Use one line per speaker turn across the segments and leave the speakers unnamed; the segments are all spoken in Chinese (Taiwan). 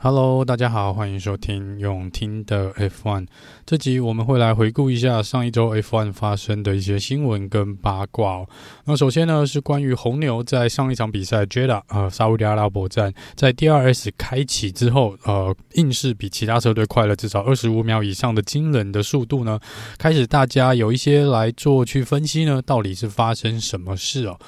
Hello，大家好，歡迎收聽用聽的 F1。這集我們會來回顧一下上一周 F1 發生的一些新聞跟八卦哦。那首先呢，是關於紅牛在上一場比賽 Jeddah 啊、呃、沙烏地阿拉伯站，在 DRS 開啟之後，呃，硬是比其他車隊快了至少二十五秒以上的驚人的速度呢，開始大家有一些來做去分析呢，到底是發生什麼事哦。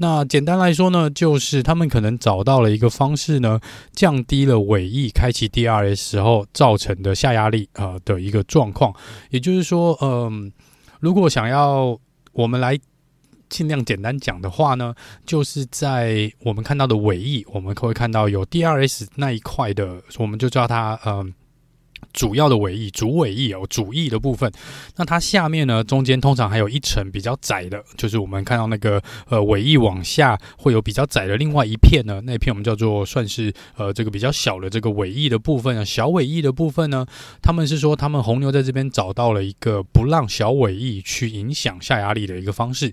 那簡單來說呢，就是他們可能找到了一個方式呢，降低了尾翼開啟 DRS 時候造成的下壓力呃的一個狀況。也就是說，嗯、呃，如果想要我們來盡量簡單講的話呢，就是在我們看到的尾翼，我們會看到有 DRS 那一塊的，我們就叫它嗯。呃主要的尾翼，主尾翼有、喔、主翼的部分。那它下面呢，中間通常還有一層比較窄的，就是我們看到那個呃尾翼往下會有比較窄的另外一片呢，那一片我們叫做算是呃這個比較小的這個尾翼的部分啊，小尾翼的部分呢，他們是說他們紅牛在這邊找到了一個不讓小尾翼去影響下壓力的一個方式。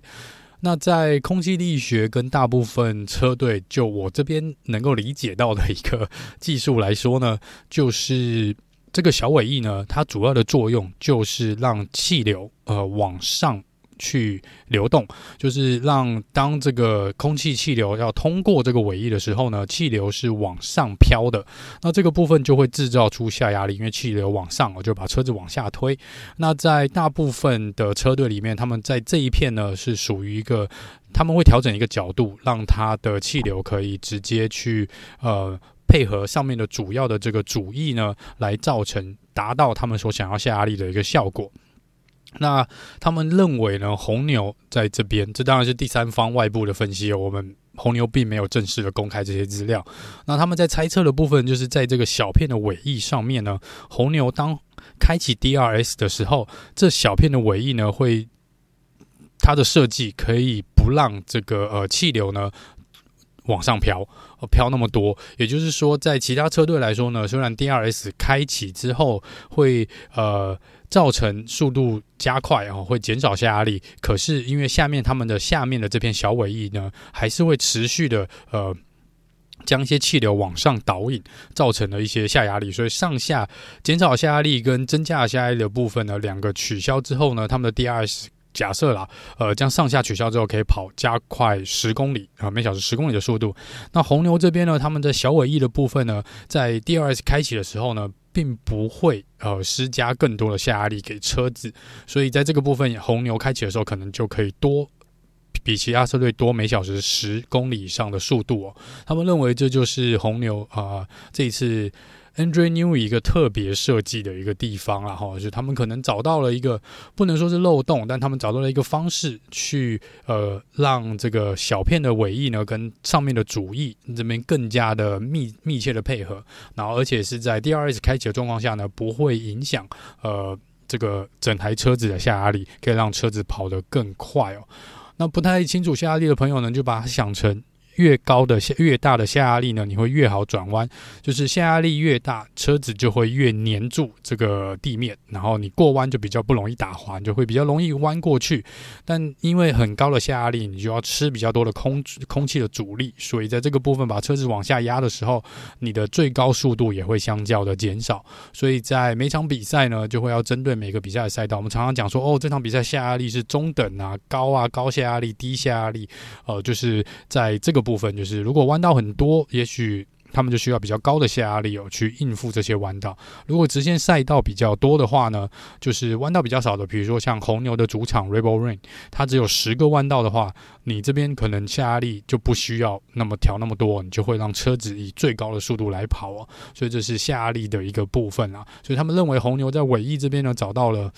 那在空氣力學跟大部分車隊，就我這邊能夠理解到的一個技術來說呢，就是。這個小尾翼呢，它主要的作用就是讓氣流呃往上去流動，就是讓當這個空氣氣流要通過這個尾翼的時候呢，氣流是往上飄的。那這個部分就會製造出下壓力，因為氣流往上，我就把車子往下推。那在大部分的車隊裡面，他們在這一片呢是屬於一個，他們會調整一個角度，讓它的氣流可以直接去呃。配合上面的主要的這個主翼呢，來造成達到他們所想要下壓力的一個效果。那他們認為呢，紅牛在這邊，這當然是第三方外部的分析。我們紅牛並沒有正式的公開這些資料。那他們在猜測的部分，就是在這個小片的尾翼上面呢，紅牛當開啟 DRS 的時候，這小片的尾翼呢會，它的設計可以不讓這個呃氣流呢。往上飄，呃，飄那麼多，也就是說，在其他車隊來說呢，雖然 DRS 開啟之後會呃造成速度加快啊，會減少下壓力，可是因為下面他們的下面的這片小尾翼呢，還是會持續的呃將一些氣流往上導引，造成了一些下壓力，所以上下減少下壓力跟增加下壓力的部分呢，兩個取消之後呢，他們的 DRS。假設啦，呃，將上下取消之後，可以跑加快十公里啊，呃，每小時十公里的速度。那紅牛這邊呢，他們的小尾翼的部分呢，在 DRS 開啟的時候呢，並不會呃施加更多的下壓力給車子，所以在這個部分，紅牛開啟的時候，可能就可以多比其他車隊多每小時十公里以上的速度哦。他們認為這就是紅牛啊，呃，這一次。Adrian Newey 一個特別設計的一個地方，然後就他們可能找到了一個不能說是漏洞，但他們找到了一個方式去呃讓這個小片的尾翼呢跟，上面的主翼這邊更加的密密切的配合，然後而且是在 DRS 開啟的狀況下呢，不會影響呃這個整台車子的下壓力，可以讓車子跑得更快哦。那不太清楚下壓力的朋友呢，就把它想成。越高的下、越大的下壓力呢，你會越好轉彎。就是下壓力越大，車子就會越黏住這個地面，然後你過彎就比較不容易打滑，就會比較容易彎過去。但因為很高的下壓力，你就要吃比較多的空空氣的阻力，所以在這個部分把車子往下壓的時候，你的最高速度也會相較的減少。所以在每場比賽呢，就會要針對每個比賽的賽道。我們常常講說，哦，這場比賽下壓力是中等啊、高啊、高下壓力、低下壓力，呃，就是在這個。部分就是，如果彎道很多，也許他們就需要比較高的下壓力哦、喔，去應付這些彎道。如果直線賽道比較多的話呢，就是彎道比較少的，比如說像紅牛的主場 Red Bull Ring，它只有十個彎道的話，你這邊可能下壓力就不需要那麼調那麼多，你就會讓車子以最高的速度來跑哦、喔。所以這是下壓力的一個部分啊。所以他們認為紅牛在尾翼這邊呢，找到了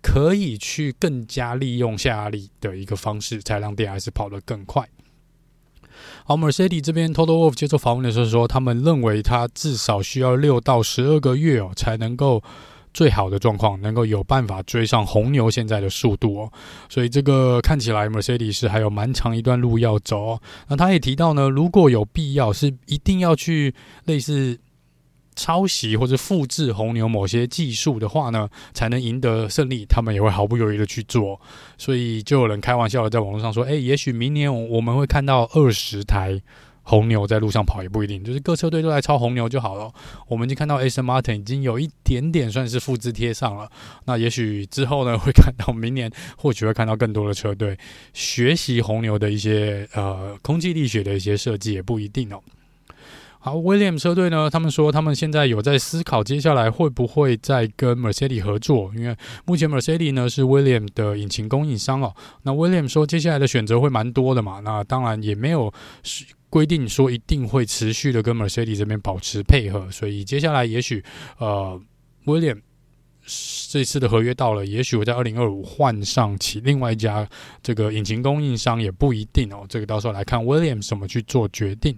可以去更加利用下壓力的一個方式，才讓 DRS 跑得更快。好 Mercedes 這邊 Toto Wolff 接受訪問的時候說，他們認為他至少需要六到十二個月哦、喔，才能夠最好的狀況，能夠有辦法追上紅牛現在的速度哦、喔。所以這個看起來 Mercedes 是還有蠻長一段路要走哦、喔。那他也提到呢，如果有必要，是一定要去類似。抄襲或者複制紅牛某些技術的話呢，才能贏得勝利。他們也會毫不猶豫的去做。所以，就有人開玩笑的在網絡上說：“哎、欸，也許明年我們會看到二十台紅牛在路上跑，也不一定。就是各車隊都來抄紅牛就好了。”我們就看到 Aston Martin 已經有一點點算是複制貼上了。那也許之後呢，會看到明年或許會看到更多的車隊學習紅牛的一些呃空氣力學的一些設計，也不一定哦、喔。好，威廉車隊呢？他們說他們現在有在思考接下來會不會再跟 Mercedes 合作，因為目前 Mercedes 呢是威廉的引擎供應商哦。那威廉說接下來的選擇會蠻多的嘛，那當然也沒有規定說一定會持續的跟 Mercedes 這邊保持配合，所以接下來也許呃威廉這次的合約到了，也許我在二零二五換上其另外一家這個引擎供應商也不一定哦，這個到時候來看威廉怎麼去做決定。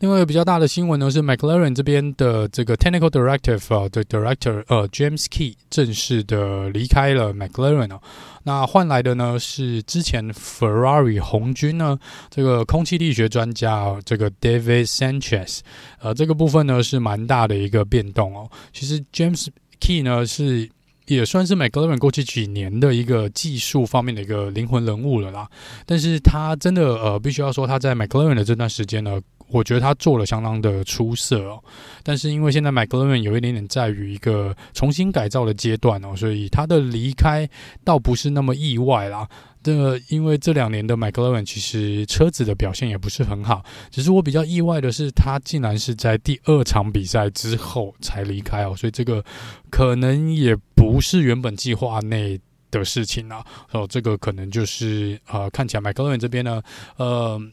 另外有比較大的新聞呢，是 McLaren 這邊的這個 Technical Director 啊的 Director 呃 James Key 正式的離開了 McLaren。哦，那換來的呢是之前 Ferrari 紅軍呢這個空氣力學專家這個 David Sanchez，呃，這個部分呢是蠻大的一個變動哦。其實 James Key 呢是也算是 McLaren 過去幾年的一個技術方面的一個靈魂人物了啦，但是他真的呃，必須要說他在 McLaren 的這段時間呢。我覺得他做了相當的出色哦，但是因為現在 McLaren 有一點點在於一個重新改造的階段哦，所以他的離開倒不是那麼意外啦。這個因為這兩年的 McLaren 其實車子的表現也不是很好，只是我比較意外的是他竟然是在第二場比賽之後才離開哦，所以這個可能也不是原本計劃內的事情啦。哦，這個可能就是呃，看起來 McLaren 這邊呢，嗯。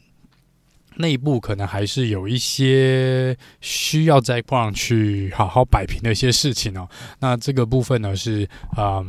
內部可能還是有一些需要在礦去好好擺平的一些事情哦。那這個部分呢，是啊、呃，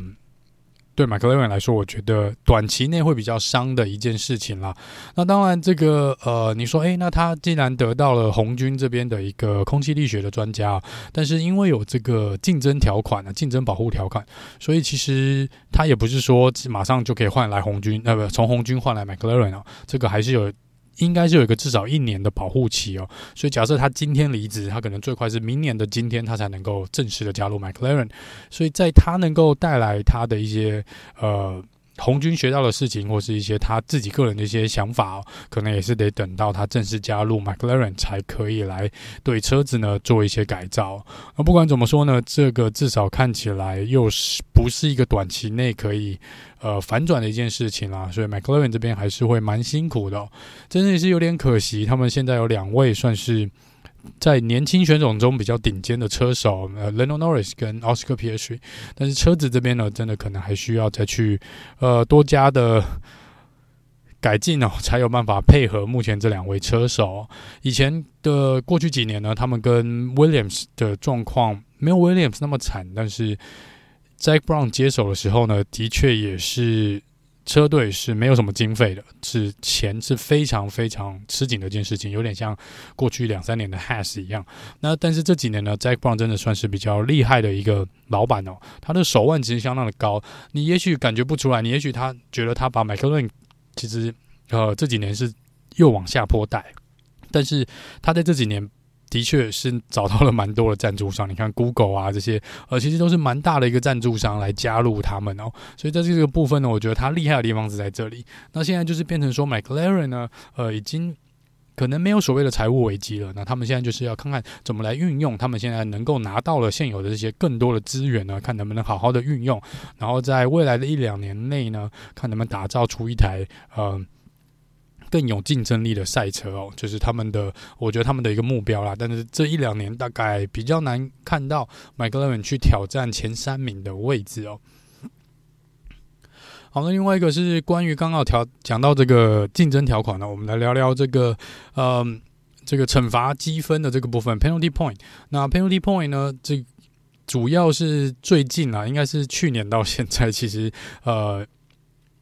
對麥克雷 n 來說，我覺得短期內會比較傷的一件事情啦。那當然，這個呃，你說，誒、欸，那他既然得到了紅軍這邊的一個空氣力學的專家，但是因為有這個競爭條款啊，競爭保護條款，所以其實他也不是說馬上就可以換來紅軍，呃，不，從紅軍換來麥克雷 n 哦，這個還是有。應該是有一個至少一年的保護期哦，所以假設他今天離職，他可能最快是明年的今天，他才能夠正式的加入 McLaren，所以在他能夠帶來他的一些呃。紅軍學到的事情，或是一些他自己個人的一些想法、哦，可能也是得等到他正式加入 McLaren 才可以來對車子呢做一些改造。那不管怎麼說呢，這個至少看起來又是不是一個短期內可以呃反轉的一件事情啦。所以 McLaren 這邊還是會蠻辛苦的，真的是有點可惜。他們現在有兩位算是。在年輕選手中比較頂尖的車手，呃 Lando Norris 跟 Oscar Piastri，但是車子這邊呢，真的可能還需要再去呃多加的改進哦，才有辦法配合目前這兩位車手。以前的過去幾年呢，他們跟 Williams 的狀況沒有 Williams 那麼慘，但是 Jack Brown 接手的時候呢，的確也是。車隊是沒有什麼經費的，是錢是非常非常吃緊的一件事情，有點像過去兩三年的 Haas 一樣。那但是這幾年呢，Jack Brown 真的算是比較厲害的一個老板哦，他的手腕其實相當的高。你也許感覺不出來，你也許他覺得他把 McLaren 其實呃這幾年是又往下坡帶，但是他在這幾年。的確是找到了蠻多的贊助商，你看 Google 啊這些，呃，其實都是蠻大的一個贊助商來加入他們哦，喔。所以在這個部分呢，我覺得它厲害的地方是在這裡。那現在就是變成說，McLaren 呢，呃，已經可能沒有所謂的財務危機了。那他們現在就是要看看怎麼來運用他們現在能夠拿到了現有的這些更多的資源呢，看能不能好好的運用，然後在未來的一兩年內呢，看能不能打造出一台，嗯。更有競爭力的賽車哦，就是他們的，我覺得他們的一個目標啦。但是這一兩年大概比較難看到麥拉倫去挑戰前三名的位置哦。好，那另外一個是關於剛剛調講到這個競爭條款呢，我們來聊聊這個嗯、呃，這個懲罰積分的這個部分 （penalty point）。那 penalty point 呢？這主要是最近啊，應該是去年到現在，其實呃。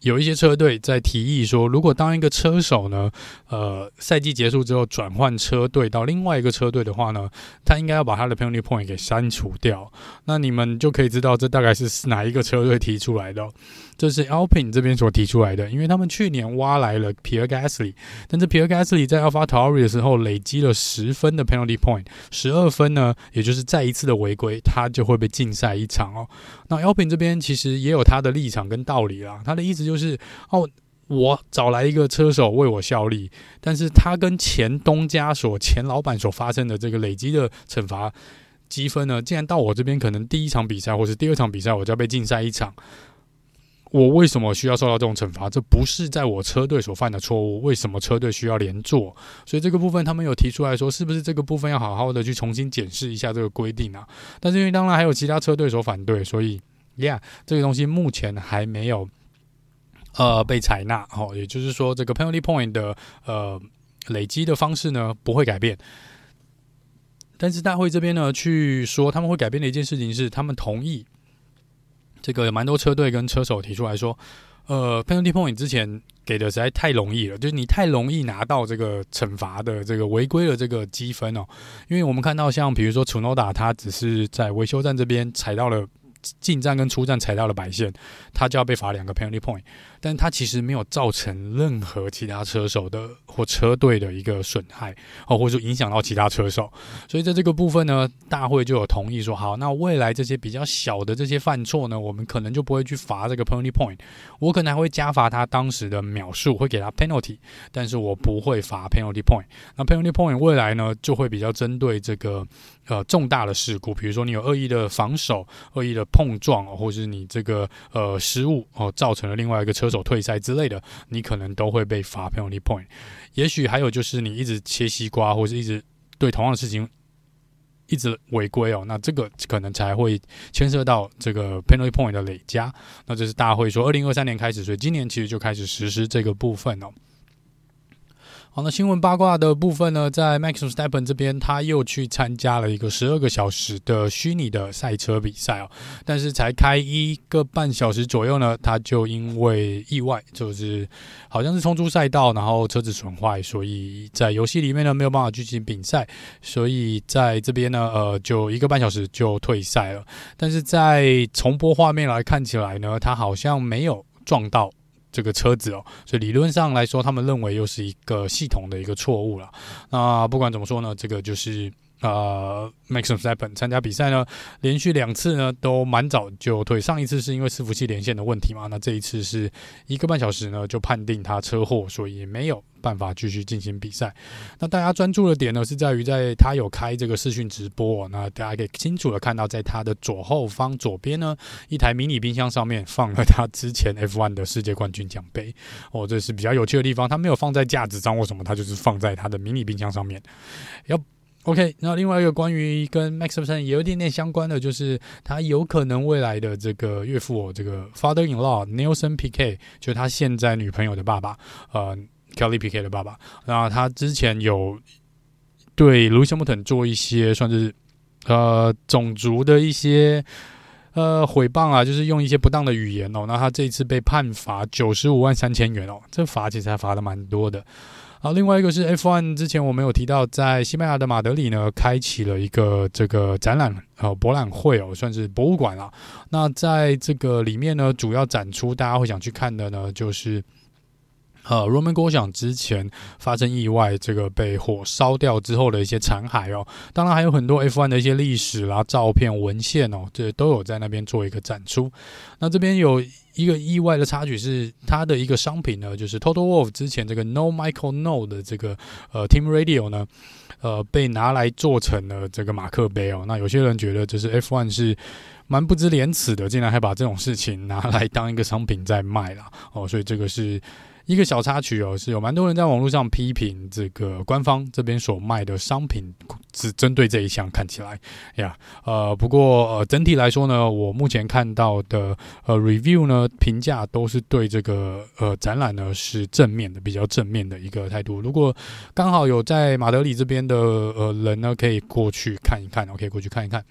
有一些車隊在提議說，如果當一個車手呢，呃，賽季結束之後轉換車隊到另外一個車隊的話呢，他應該要把他的 penalty point 給刪除掉。那你們就可以知道這大概是哪一個車隊提出來的。這是 Alpine 這邊所提出來的，因為他們去年挖來了皮爾加斯里，但是皮爾加斯里在 AlphaTauri 的時候累積了十分的 penalty point。十二分呢，也就是再一次的違規，他就會被禁賽一場哦。那 Alpine 這邊其實也有他的立場跟道理啦，他的意思就是哦，我找來一個車手為我效力，但是他跟前東家所、前老板所發生的這個累積的懲罰積分呢，竟然到我這邊，可能第一場比賽或是第二場比賽我就要被禁賽一場。我為什麼需要受到這種懲罰？這不是在我車隊所犯的錯誤。為什麼車隊需要連坐？所以這個部分他們有提出來說，是不是這個部分要好好的去重新檢視一下這個規定啊？但是因為當然還有其他車隊所反對，所以，Yeah，這個東西目前還沒有呃被採納。好，也就是說，這個 penalty point 的呃累積的方式呢不會改變。但是大會這邊呢，去說他們會改變的一件事情是，他們同意。這個蠻多車隊跟車手提出來說，呃，penalty point 之前給的實在太容易了，就是你太容易拿到這個懲罰的這個違規的這個積分哦。因為我們看到像比如說楚諾達，他只是在維修站這邊踩到了進站跟出站踩到了白線，他就要被罰兩個 penalty point。但他其實沒有造成任何其他車手的或車隊的一個損害哦，或者說影響到其他車手。所以在這個部分呢，大會就有同意說，好，那未來這些比較小的這些犯錯呢，我們可能就不會去罰這個 penalty point，我可能還會加罰他當時的秒數，會給他 penalty，但是我不會罰 penalty point。那 penalty point 未來呢，就會比較針對這個呃重大的事故，比如說你有惡意的防守、惡意的碰撞，或者是你這個呃失誤哦、呃，造成了另外一個車手走退賽之類的，你可能都會被罰 penalty point。也許還有就是你一直切西瓜，或是一直對同樣的事情一直違規哦，那這個可能才會牽涉到這個 penalty point 的累加。那就是大家會說，二零二三年開始，所以今年其實就開始實施這個部分哦。好，那新聞八卦的部分呢，在 Max Verstappen 這邊，他又去參加了一個十二個小時的虛擬的賽車比賽哦，但是才開一個半小時左右呢，他就因為意外，就是好像是衝出賽道，然後車子損壞，所以在遊戲裡面呢沒有辦法進行比賽，所以在這邊呢，呃，就一個半小時就退賽了。但是在重播畫面來看起來呢，他好像沒有撞到。這個車子哦、喔，所以理論上來說，他們認為又是一個系統的一個錯誤了。那不管怎麼說呢，這個就是。呃，Max Verstappen 參加比賽呢，連續兩次呢都蠻早就退，上一次是因為伺服器連線的問題嘛，那這一次是一個半小時呢就判定他車禍，所以沒有辦法繼續進行比賽。那大家專注的點呢是在於，在他有開這個視訊直播哦，那大家可以清楚的看到，在他的左後方左邊呢一台迷你冰箱上面放了他之前 F1 的世界冠軍獎杯，哦，這是比較有趣的地方，他沒有放在架子上或什麼，他就是放在他的迷你冰箱上面，要。OK，那另外一個關於跟 Max Verstappen 也有一點點相關的，就是他有可能未來的這個岳父哦，這個 father-in-law，Nelson Piquet 就是就他現在女朋友的爸爸，呃，Kelly Piquet 的爸爸。然後他之前有對 Lewis Hamilton 做一些，算是呃種族的一些呃毀謗啊，就是用一些不當的語言哦。那他這一次被判罰九十五萬三千元哦，這罰其實還罰的蠻多的。好，另外一個是 F1，之前我們有提到，在西班牙的馬德里呢，開啟了一個這個展覽，呃，博覽會哦、喔，算是博物館啦。那在這個裡面呢，主要展出大家會想去看的呢，就是呃，Romain Grosjean 之前發生意外，這個被火燒掉之後的一些殘骸哦、喔。當然還有很多 F1 的一些歷史啦、照片、文獻哦、喔，這都有在那邊做一個展出。那這邊有。一個意外的插曲是，它的一個商品呢，就是 Toto Wolff 之前這個 No Michael No 的這個呃 Team Radio 呢，呃被拿來做成了這個馬克杯哦。那有些人覺得就是 F1 是蠻不知廉恥的，竟然還把這種事情拿來當一個商品在賣啦哦。所以這個是。一個小插曲哦，是有蠻多人在網絡上批評這個官方這邊所賣的商品，只針對這一項看起來呀，yeah，呃，不過呃，整體來說呢，我目前看到的呃 review 呢評價都是對這個呃展覽呢是正面的，比較正面的一個態度。如果剛好有在馬德里這邊的呃人呢，可以過去看一看，OK，可以過去看一看。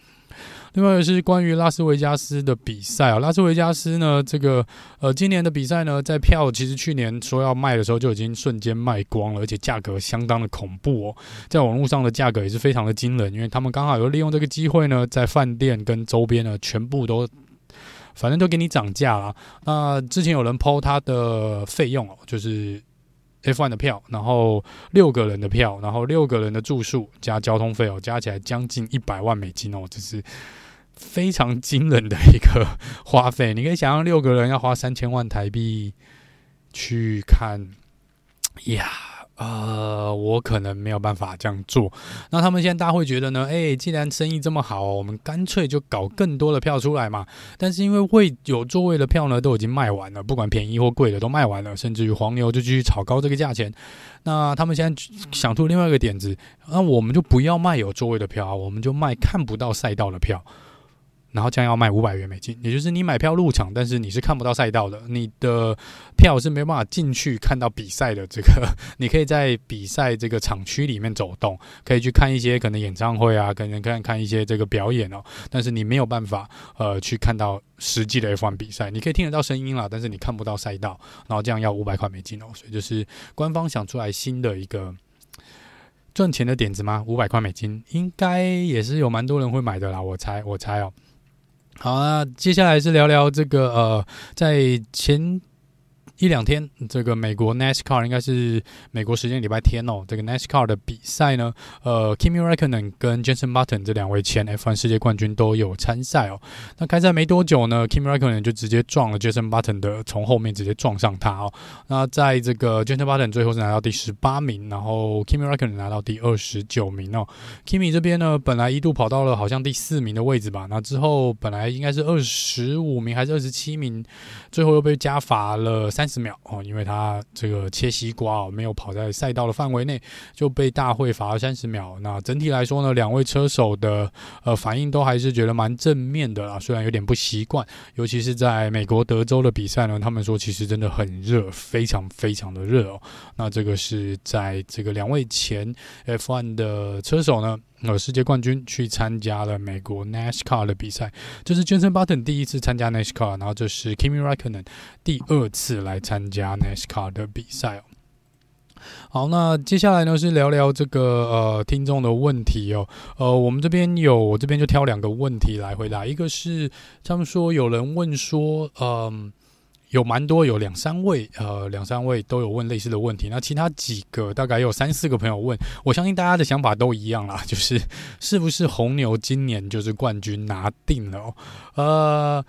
另外是關於拉斯維加斯的比賽啊，拉斯維加斯呢，這個呃，今年的比賽呢，在票其實去年說要賣的時候就已經瞬間賣光了，而且價格相當的恐怖哦，在網絡上的價格也是非常的驚人，因為他們剛好有利用這個機會呢，在飯店跟周邊呢全部都反正都給你漲價了。那之前有人 po 他的費用哦，就是 F1 的票，然後六個人的票，然後六個人的住宿加交通費哦，加起來將近一百萬美金哦，這是。非常驚人的一個花費，你可以想象六個人要花三千萬台幣去看，呀啊！我可能沒有辦法這樣做。那他們現在大家會覺得呢？誒、欸，既然生意這麼好，我們乾脆就搞更多的票出來嘛。但是因為會有座位的票呢，都已經賣完了，不管便宜或貴的都賣完了，甚至於黃牛就繼續炒高這個價錢。那他們現在想出另外一個點子，那我們就不要賣有座位的票啊，我們就賣看不到賽道的票。然後這樣要賣五百元美金，也就是你買票入場，但是你是看不到賽道的，你的票是沒辦法進去看到比賽的。這個你可以在比賽這個場區裡面走動，可以去看一些可能演唱會啊，可能看看一些這個表演喔。但是你沒有辦法呃去看到實際的 F1 比賽，你可以聽得到聲音啦。但是你看不到賽道。然後這樣要五百塊美金喔，所以就是官方想出來新的一個賺錢的點子嗎？五百塊美金應該也是有蠻多人會買的啦，我猜我猜喔。好，那接下來是聊聊這個呃，在前一兩天，這個美國 NASCAR 應該是美國時間禮拜天哦。這個 NASCAR 的比賽呢，呃，Kimi Raikkonen 跟 Jenson Button 這兩位前 F1 世界冠軍都有參賽哦。那開賽沒多久呢，Kimi Raikkonen 就直接撞了 Jenson Button 的，從後面直接撞上他哦。那在這個 Jenson Button 最後是拿到第十八名，然後 Kimi Raikkonen 拿到第二十九名哦。Kimi 這邊呢，本來一度跑到了好像第四名的位置吧，那之後本來應該是二十五名還是二十七名，最後又被加罰了三。三十秒哦，因為他這個切西瓜哦，沒有跑在賽道的範圍內，就被大會罰了三十秒。那整體來說呢，兩位車手的呃反應都還是覺得蠻正面的啊，雖然有點不習慣，尤其是在美國德州的比賽呢，他們說其實真的很熱，非常非常的熱哦。那這個是在這個兩位前 F1 的車手呢。呃，世界冠軍去參加了美國 NASCAR 的比賽，這是傑森巴頓第一次參加 NASCAR，然後這是 Kimi Raikkonen 第二次來參加 NASCAR 的比賽。好，那接下來呢是聊聊這個呃聽眾的問題哦、喔。呃，我們這邊有，我這邊就挑兩個問題來回答，一個是他們說有人問說，嗯。有蠻多，有兩三位，呃，兩三位都有問類似的問題。那其他幾個大概有三四個朋友問，我相信大家的想法都一樣啦，就是是不是紅牛今年就是冠軍拿定了？呃。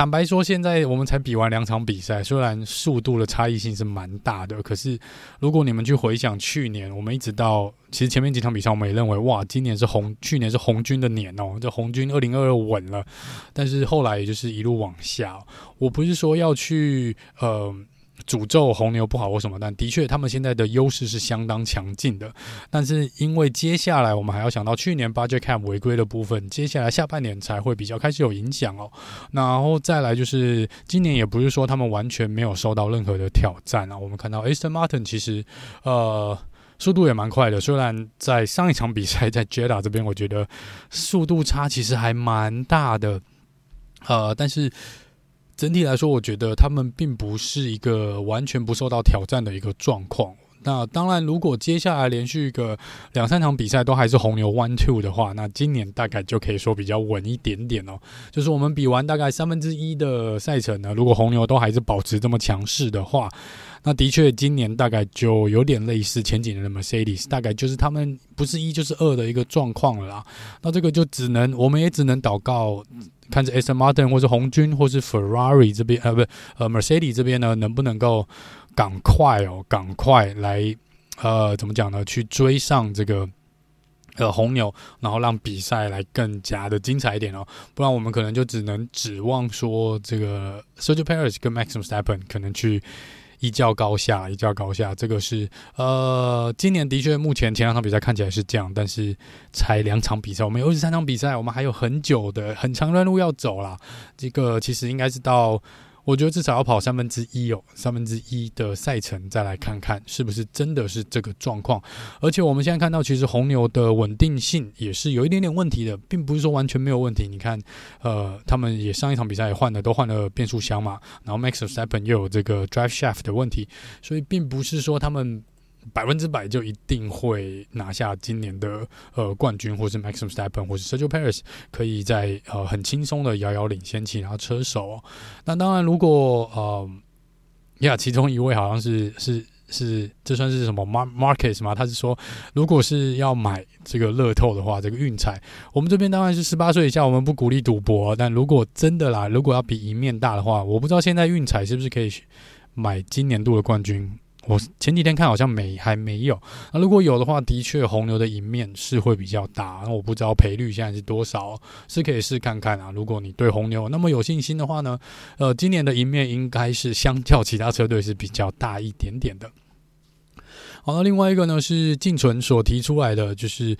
坦白說，現在我們才比完兩場比賽，雖然速度的差異性是蠻大的，可是如果你們去回想去年，我們一直到其實前面幾場比賽，我們也認為哇，今年是紅，去年是紅軍的年哦，這紅軍二零二二穩了，但是後來也就是一路往下哦。我不是說要去，嗯。詛咒紅牛不好或什麼，但的確，他們現在的優勢是相當強勁的。但是因為接下來我們還要想到去年 Budget Cap 違規的部分，接下來下半年才會比較開始有影響哦。然後再來就是今年也不是說他們完全沒有受到任何的挑戰啊。我們看到 Aston Martin 其實呃速度也蠻快的，雖然在上一場比賽在 Jeddah 這邊，我覺得速度差其實還蠻大的。呃，但是。整體來說，我覺得他們並不是一個完全不受到挑戰的一個狀況。那當然，如果接下來連續個兩三場比賽都還是紅牛 One Two 的話，那今年大概就可以說比較穩一點點哦、喔。就是我們比完大概三分之一的賽程呢，如果紅牛都還是保持這麼強勢的話，那的確今年大概就有點類似前幾年的 Mercedes，大概就是他們不是一就是二的一個狀況了。那這個就只能我們也只能禱告，看着 Aston Martin 或是紅軍或是 Ferrari 這邊呃，不呃 Mercedes 這邊呢，能不能夠。趕快哦，趕快來，呃，怎麼講呢？去追上這個呃紅牛，然後讓比賽來更加的精彩一點哦。不然我們可能就只能指望說，這個 Sergio Perez 跟 Max Verstappen 可能去一較高下，一較高下。這個是呃，今年的確目前前兩場比賽看起來是這樣，但是才兩場比賽，我們有二十三場比賽，我們還有很久的很長的路要走啦。這個其實應該是到。我覺得至少要跑三分之一哦，三分之一的賽程再來看看是不是真的是這個狀況。而且我們現在看到，其實紅牛的穩定性也是有一點點問題的，並不是說完全沒有問題。你看，呃，他們也上一場比賽也換了，都換了變速箱嘛，然後 Max Verstappen 又有這個 drive shaft 的問題，所以並不是說他們。百分之百就一定會拿下今年的呃冠軍，或是 Max Verstappen，或是 Sergio Perez 可以在呃很輕鬆的遙遙領先起，然後車手、哦。那當然，如果呃，呀，其中一位好像是是是，這算是什麼 Mark Markets 嗎？他是說，如果是要買這個樂透的話，這個運彩，我們這邊當然是十八歲以下，我們不鼓勵賭博。但如果真的啦，如果要比贏面大的話，我不知道現在運彩是不是可以買今年度的冠軍。我前幾天看好像沒還沒有，那如果有的話，的確紅牛的贏面是會比較大。那我不知道賠率現在是多少，是可以試看看啊。如果你對紅牛那麼有信心的話呢，呃，今年的贏面應該是相較其他車隊是比較大一點點的。好，那另外一個呢是進純所提出來的，就是。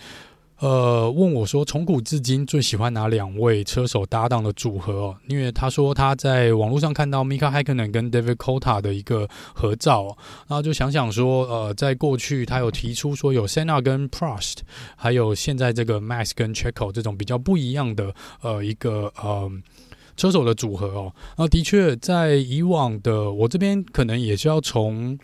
呃，問我說，從古至今最喜歡哪兩位車手搭檔的組合？哦，因為他說他在網絡上看到 Mika Häkkinen 跟 David Coulthard 的一個合照，然後就想想說，呃，在過去他有提出說有 Senna 跟 Prost，還有現在這個 Max 跟 Checo 這種比較不一樣的呃一個呃車手的組合哦。那的確在以往的我這邊可能也是要從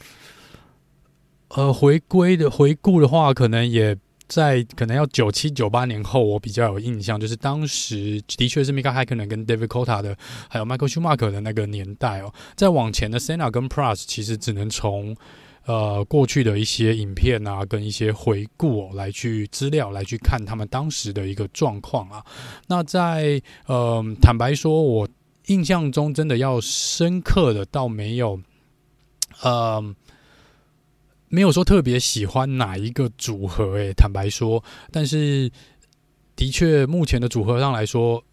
呃回歸的回顧的話，可能也。在可能要九七九八年後，我比較有印象，就是當時的確是 Mika Häkkinen 跟 David Coulthard 的，還有 Michael Schumacher 的那個年代哦、喔。再往前的 Senna 跟 Prost 其實只能從呃過去的一些影片啊，跟一些回顧、喔、來去資料來去看他們當時的一個狀況啊。那在嗯、呃，坦白說，我印象中真的要深刻的倒沒有，嗯。沒有說特別喜歡哪一個組合、欸，誒，坦白說，但是的確，目前的組合上來說，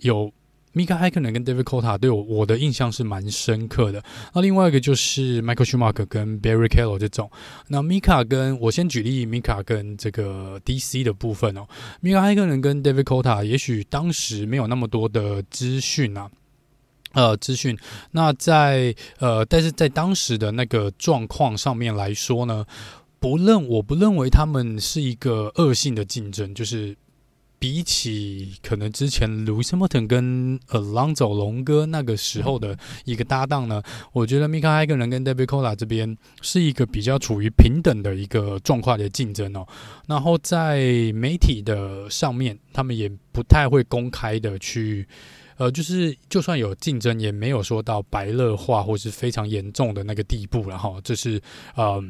有 Mika Häkkinen 跟 David Coulthard 對我我的印象是蠻深刻的。那另外一個就是 Michael Schumacher 跟 Barrichello 這種。那 Mika 跟我先舉例，Mika 跟這個 DC 的部分哦，Mika Häkkinen 跟 David Coulthard 也許當時沒有那麼多的資訊啊。呃，資訊。那在呃，但是在當時的那個狀況上面來說呢，不認我不認為他們是一個惡性的競爭。就是比起可能之前 Lewis Hamilton 跟呃 Alonso 龍哥那個時候的一個搭檔呢，我覺得 Mika Häkkinen 跟 David Coulthard 這邊是一個比較處於平等的一個狀況的競爭哦。然後在媒體的上面，他們也不太會公開的去。呃，就是就算有競爭，也沒有說到白熱化或是非常嚴重的那個地步了哈。這是嗯、呃，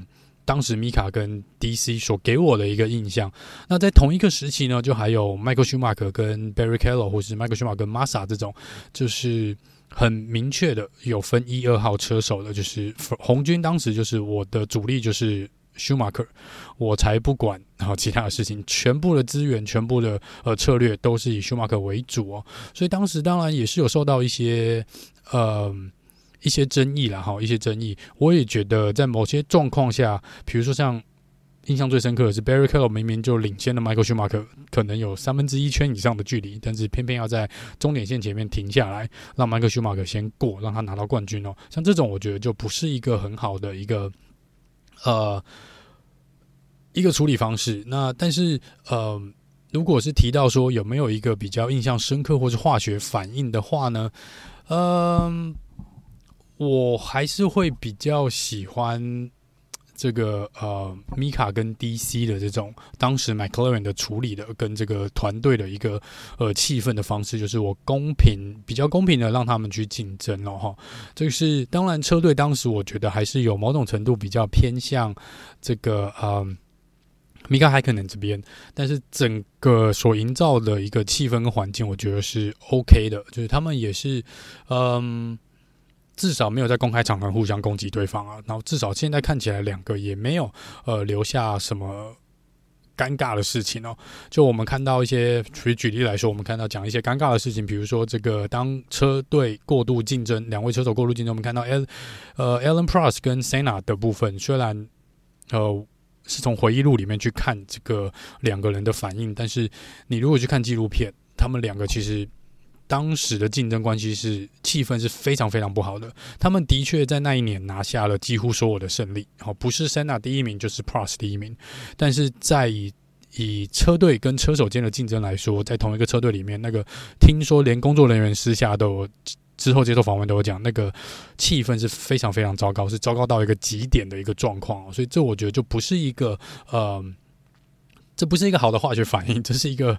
當時米卡跟 DC 所給我的一個印象。那在同一個時期呢，就還有 Michael Schumacher 跟 Barrichello，或是 Michael Schumacher 跟 Massa 這種，就是很明確的有分一二號車手的。就是紅軍當時就是我的主力，就是。舒馬克，我才不管，然後其他的事情，全部的資源，全部的呃策略都是以舒馬克為主哦。所以當時當然也是有受到一些呃一些爭議啦哈，一些爭議。我也覺得在某些狀況下，比如說像印象最深刻的是 Barrichello 明明就領先的 Michael 舒馬克，可能有三分之一圈以上的距離，但是偏偏要在終點線前面停下來，讓 Michael 舒馬克先過，讓他拿到冠軍哦。像這種我覺得就不是一個很好的一個。呃，一個處理方式。那但是，呃，如果是提到說有沒有一個比較印象深刻或是化學反應的話呢？嗯、呃，我還是會比較喜歡。這個呃，米卡跟 D.C 的這種當時 McLaren 的處理的跟這個團隊的一個呃氣氛的方式，就是我公平比較公平的讓他們去競爭了哈。嗯，就是當然，車隊當時我覺得還是有某種程度比較偏向這個嗯，米卡海基寧這邊，但是整個所營造的一個氣氛跟環境，我覺得是 OK 的，就是他們也是嗯。呃至少沒有在公開場合互相攻擊對方啊，然後至少現在看起來兩個也沒有呃留下什麼尷尬的事情哦、喔。就我們看到一些舉舉例來說，我們看到講一些尷尬的事情，比如說這個當車隊過度競爭，兩位車手過度競爭，我們看到艾呃 Alain Prost 跟 Senna 的部分，雖然呃是從回憶錄裡面去看這個兩個人的反應，但是你如果去看紀錄片，他們兩個其實。當時的競爭關係是氣氛是非常非常不好的。他們的確在那一年拿下了幾乎所有的勝利，好，不是 Senna 第一名就是 Prost 第一名。但是在以以車隊跟車手間的競爭來說，在同一個車隊裡面，那個聽說連工作人員私下都之後接受訪問都有講，那個氣氛是非常非常糟糕，是糟糕到一個極點的一個狀況。所以這我覺得就不是一個呃。這不是一個好的化學反應，這是一個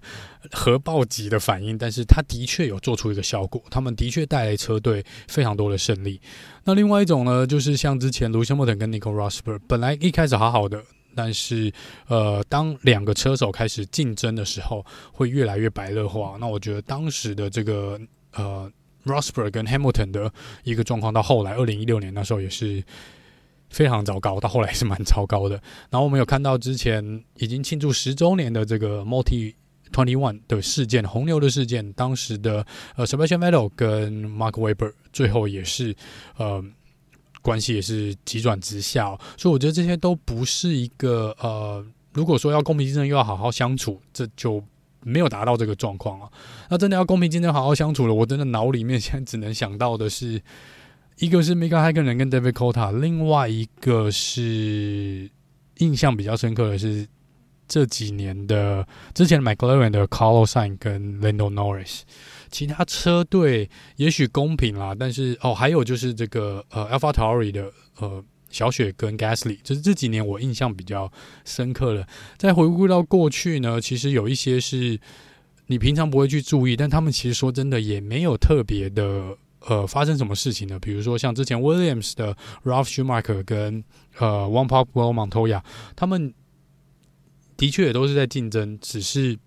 核爆級的反應，但是它的確有做出一個效果，他們的確帶來車隊非常多的勝利。那另外一種呢，就是像之前 Lewis Hamilton 跟尼克羅斯伯，本來一開始好好的，但是呃，當兩個車手開始競爭的時候，會越來越白熱化。那我覺得當時的這個呃，羅斯伯跟漢密爾頓的一個狀況，到後來二零一六年那時候也是。非常糟糕，到後來也是蠻糟糕的。然後我們有看到之前已經慶祝十周年的這個 Multi Twenty One 的事件，紅牛的事件，當時的呃 Sebastian Vettel 跟 Mark Webber 最後也是呃關係也是急轉直下，哦，所以我覺得這些都不是一個呃，如果說要公平競爭又要好好相處，這就沒有達到這個狀況啊。那真的要公平競爭好好相處了，我真的腦裡面現在只能想到的是。一個是 Mika Häkkinen，跟 David Coulthard，另外一個是印象比較深刻的是這幾年的之前 McLaren 的 Carlos Sainz 跟 Lando Norris，其他車隊也許公平啦，但是哦，還有就是這個呃 AlphaTauri 的呃小雪跟 Gasly，就是這幾年我印象比較深刻的。再回顧到過去呢，其實有一些是你平常不會去注意，但他們其實說真的也沒有特別的。呃，發生什麼事情呢？比如說，像之前 Williams 的 Ralf Schumacher 跟呃 Juan Pablo Montoya 他們的確也都是在競爭，只是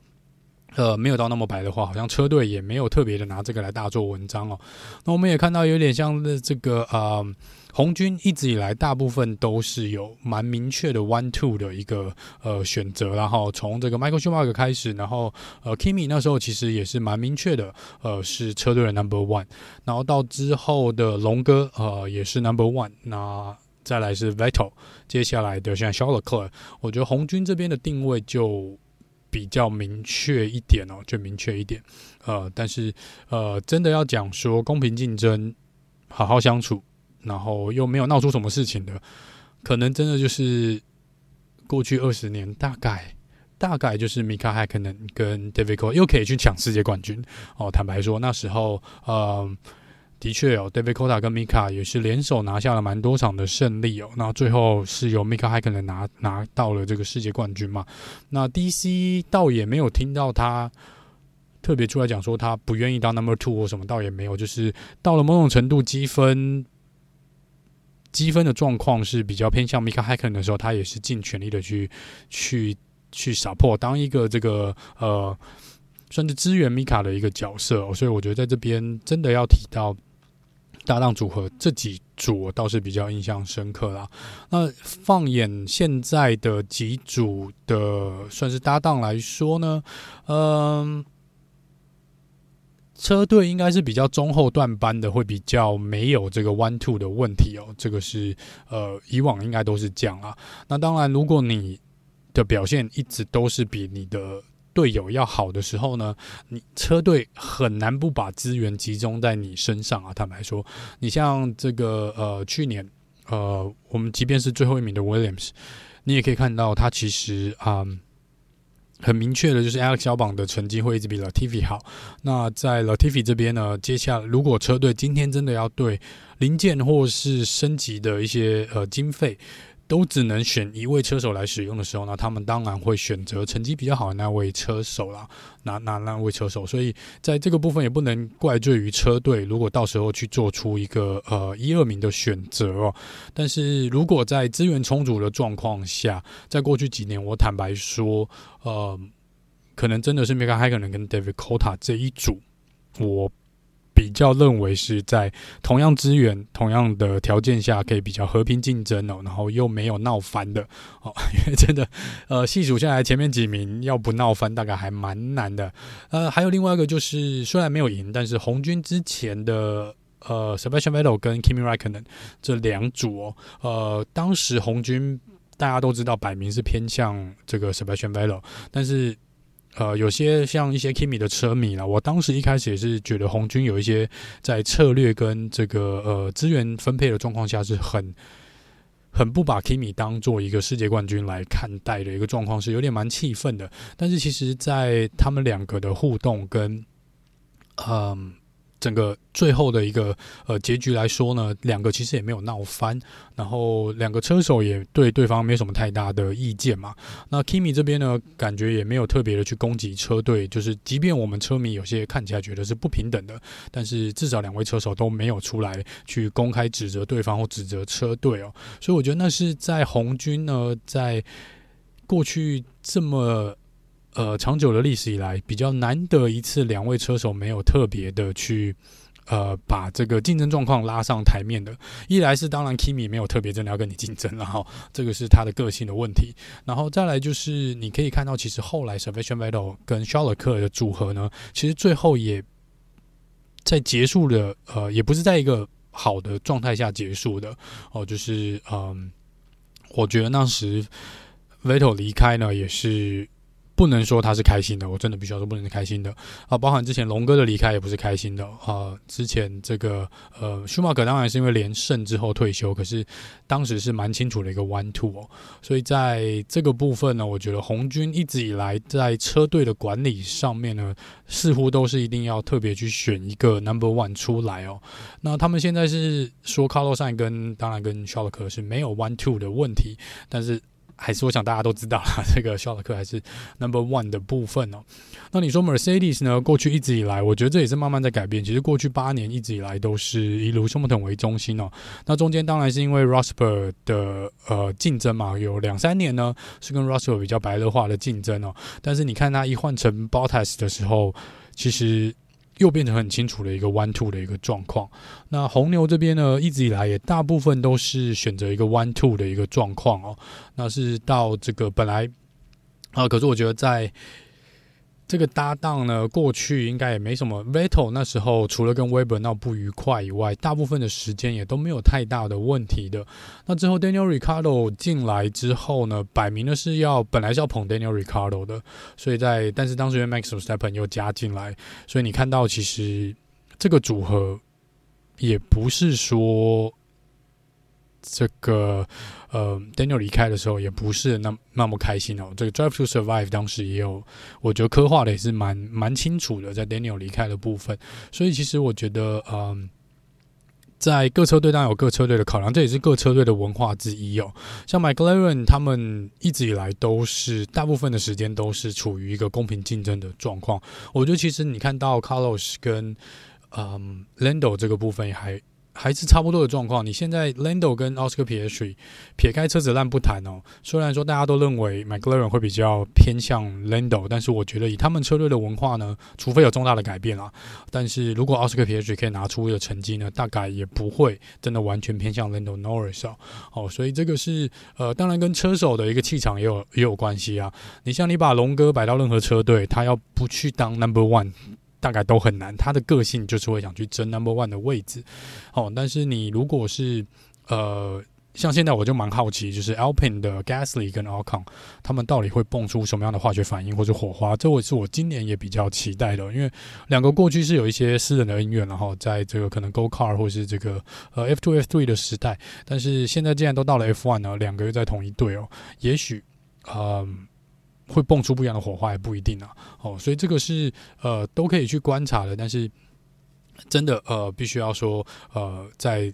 呃沒有到那麼白的話，好像車隊也沒有特別的拿這個來大做文章哦。那我們也看到有點像這個呃紅軍一直以來，大部分都是有蠻明確的 one two 的一個呃選擇，然後從這個 Michael Schumacher 開始，然後呃 Kimi 那時候其實也是蠻明確的，呃是車隊的 number、no. one，然後到之後的龍哥呃也是 number、no. one，那再來是 Vettel，接下來的像 s h a r t l e c l r 我覺得紅軍這邊的定位就比較明確一點哦，就明確一點，呃，但是呃真的要講說公平競爭，好好相處。然後又沒有鬧出什麼事情的，可能真的就是過去二十年，大概大概就是 Mika Häkkinen 跟 David Coulthard 又可以去搶世界冠軍哦、嗯。坦白說，那時候呃，的確哦 David Coulthard 跟米卡也是聯手拿下了蠻多場的勝利哦。那最後是由 Mika Häkkinen 拿拿到了這個世界冠軍嘛？那 DC 倒也沒有聽到他特別出來講說他不願意當 Number Two 或什麼，倒也沒有，就是到了某種程度積分。積分的狀況是比較偏向 Mika Häkkinen 的時候，他也是盡全力的去去去 support，當一個這個呃，算是支援 Mika 的一個角色、哦，所以我覺得在這邊真的要提到搭檔組合這幾組，我倒是比較印象深刻啦。那放眼現在的幾組的算是搭檔來說呢，嗯、呃。車隊應該是比較中後段班的，會比較沒有這個彎 o 的問題哦。這個是呃，以往應該都是這樣啊。那當然，如果你的表現一直都是比你的隊友要好的時候呢，你車隊很難不把資源集中在你身上啊。坦白說，你像這個呃，去年呃，我們即便是最後一名的 Williams，你也可以看到他其實啊，嗯。很明確的，就是 Alex 蕭邦的成績會一直比 Latifi 好。那在 Latifi 這邊呢，接下來如果車隊今天真的要對零件或是升級的一些呃經費，都只能選一位車手來使用的時候呢，他們當然會選擇成績比較好的那位車手啦，那那那位車手，所以在這個部分也不能怪罪於車隊。如果到時候去做出一個呃一二名的選擇哦、喔，但是如果在資源充足的狀況下，在過去幾年，我坦白說，呃，可能真的是梅卡海可能跟 David Cota 這一組，我。比較認為是在同樣資源、同樣的條件下，可以比較和平競爭哦、喔，然後又沒有鬧翻的哦、喔，因為真的，呃，細數下來前面幾名要不鬧翻，大概還蠻難的。呃，還有另外一個就是，雖然沒有贏，但是紅軍之前的呃 Sebastian Vettel 跟 Kimi Raikkonen 這兩組哦、喔，呃，當時紅軍大家都知道，擺明是偏向這個 Sebastian Vettel，但是。呃，有些像一些 Kimi 的車迷啦。我當時一開始也是覺得紅軍有一些在策略跟這個呃資源分配的狀況下，是很很不把 Kimi 當做一個世界冠軍來看待的一個狀況，是有點蠻氣憤的。但是其實，在他們兩個的互動跟，嗯。呃整個最後的一個呃結局來說呢，兩個其實也沒有鬧翻，然後兩個車手也對對方沒有什麼太大的意見嘛。那 Kimi 這邊呢，感覺也沒有特別的去攻擊車隊，就是即便我們車迷有些看起來覺得是不平等的，但是至少兩位車手都沒有出來去公開指責對方或指責車隊哦。所以我覺得那是在紅軍呢，在過去這麼。呃，長久的歷史以來，比較難得一次，兩位車手沒有特別的去呃把這個競爭狀況拉上台面的。一來是當然，Kimi 沒有特別真的要跟你競爭，然後這個是他的個性的問題。然後再來就是，你可以看到，其實後來 Sebastian Vettel 跟 Charles Leclerc 的組合呢，其實最後也在結束的，呃，也不是在一個好的狀態下結束的。哦、呃，就是嗯、呃，我覺得那時 Vettel 離開呢，也是。不能說他是開心的，我真的必須要說不能是開心的啊！包含之前龍哥的離開也不是開心的啊、呃！之前這個呃，舒馬克當然是因為連勝之後退休，可是當時是蠻清楚的一個 one two 哦。所以在這個部分呢，我覺得紅軍一直以來在車隊的管理上面呢，似乎都是一定要特別去選一個 number one 出來哦。那他們現在是說 Carlos 跟當然跟 Charles 是沒有 one two 的問題，但是。還是我想大家都知道了，這個肖爾克還是 number one 的部分哦。那你說 Mercedes 呢？過去一直以來，我覺得這也是慢慢在改變。其實過去八年一直以來都是以 Lewis Hamilton 為中心哦。那中間當然是因為 Rosberg 的呃競爭嘛，有兩三年呢是跟 Rosberg 比較白熱化的競爭哦。但是你看他一換成 Bottas 的時候，其實。又變成很清楚的一個 one two 的一個狀況。那紅牛這邊呢，一直以來也大部分都是選擇一個 one two 的一個狀況哦。那是到這個本來啊，可是我覺得在。這個搭檔呢，過去應該也沒什麼。Vettel 那時候除了跟 Webber 鬧不愉快以外，大部分的時間也都沒有太大的問題的。那之後 Daniel Ricciardo 進來之後呢，擺明的是要本來是要捧 Daniel Ricciardo 的，所以在但是當時 Max Verstappen 又加進來，所以你看到其實這個組合也不是說。這個呃，Daniel 離開的時候也不是那麼那麼，那麼開心哦。這個 Drive to Survive 當時也有，我覺得刻畫的也是蠻蠻清楚的，在 Daniel 離開的部分。所以其實我覺得，嗯，在各車隊當然有各車隊的考量，這也是各車隊的文化之一哦。像 McLaren 他們一直以來都是大部分的時間都是處於一個公平競爭的狀況。我覺得其實你看到 Carlos 跟嗯 Lando 這個部分也還。還是差不多的狀況。你現在 Lando 跟 Oscar Piastri，撇開車子爛不談哦，雖然說大家都認為 McLaren 會比較偏向 Lando，但是我覺得以他們車隊的文化呢，除非有重大的改變啦，但是如果 Oscar Piastri 可以拿出的成績呢，大概也不會真的完全偏向 Lando Norris 哦，哦。所以這個是呃，當然跟車手的一個氣場也有也有關係啊。你像你把龍哥擺到任何車隊，他要不去當 Number One？大概都很難，他的個性就是會想去爭 number one 的位置，哦。但是你如果是呃，像現在我就蠻好奇，就是 Alpine 的 Gasly 跟 Ocon，他們到底會蹦出什麼樣的化學反應或是火花？這我是我今年也比較期待的，因為兩個過去是有一些私人的恩怨，然後在這個可能 go kart 或是這個呃 F two F three 的時代，但是現在既然都到了 F one 啊，兩個又在同一隊哦，也許，嗯、呃。會蹦出不一樣的火花也不一定啊，哦，所以這個是呃都可以去觀察的，但是真的呃必須要說呃在。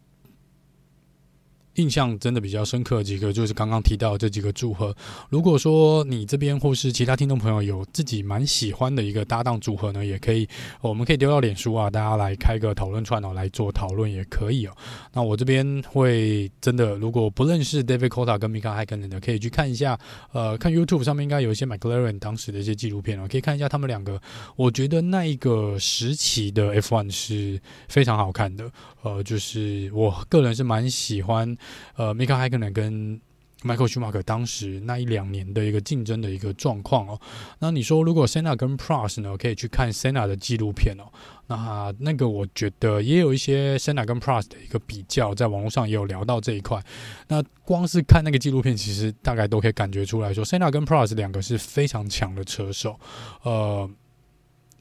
印象真的比較深刻的幾個，就是剛剛提到這幾個組合。如果說你這邊或是其他聽眾朋友有自己蠻喜歡的一個搭檔組合呢，也可以，我們可以丟到臉書啊，大家來開個討論串哦、喔，來做討論也可以哦、喔。那我這邊會真的，如果不認識 David Coulthard 跟 Mika Häkkinen 的，可以去看一下，呃，看 YouTube 上面應該有一些 McLaren 當時的一些紀錄片哦、喔，可以看一下他們兩個。我覺得那一個時期的 F1 是非常好看的，呃，就是我個人是蠻喜歡。呃，Mika Häkkinen 跟 Michael Schumacher 當時那一兩年的一個競爭的一個狀況哦。那你說，如果 Senna 跟 Prost 呢，可以去看 Senna 的紀錄片哦那、啊。那那個，我覺得也有一些 Senna 跟 Prost 的一個比較，在網絡上也有聊到這一塊。那光是看那個紀錄片，其實大概都可以感覺出來說，Senna 跟 Prost 兩個是非常強的車手。呃，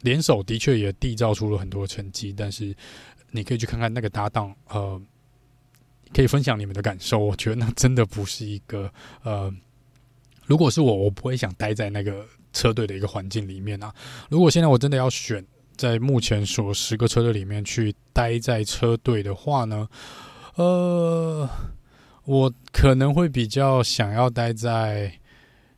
聯手的確也締造出了很多成績，但是你可以去看看那個搭檔，呃。可以分享你們的感受，我覺得那真的不是一個呃，如果是我，我不會想待在那個車隊的一個環境裡面啊。如果現在我真的要選在目前所十個車隊裡面去待在車隊的話呢，呃，我可能會比較想要待在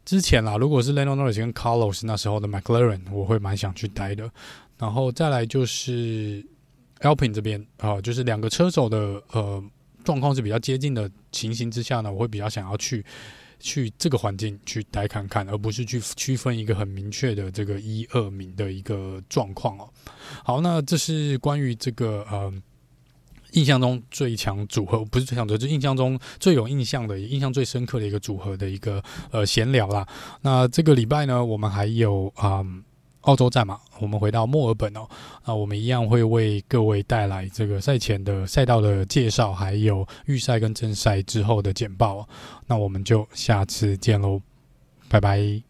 之前啦。如果是 Lando Norris 跟 Carlos 那時候的 McLaren，我會蠻想去待的。然後再來就是 Alpine 這邊啊，呃，就是兩個車手的呃。狀況是比較接近的情形之下呢，我會比較想要去去這個環境去待看看，而不是去區分一個很明確的這個一、二名的一個狀況哦。好，那這是關於這個呃印象中最強組合，不是最強組合，就印象中最有印象的、印象最深刻的一個組合的一個呃閒聊啦。那這個禮拜呢，我們還有啊。呃澳洲站嘛，我們回到墨爾本哦，啊，我們一樣會為各位帶來這個賽前的賽道的介紹，還有預賽跟正賽之後的簡報哦，那我們就下次見嘍，拜拜。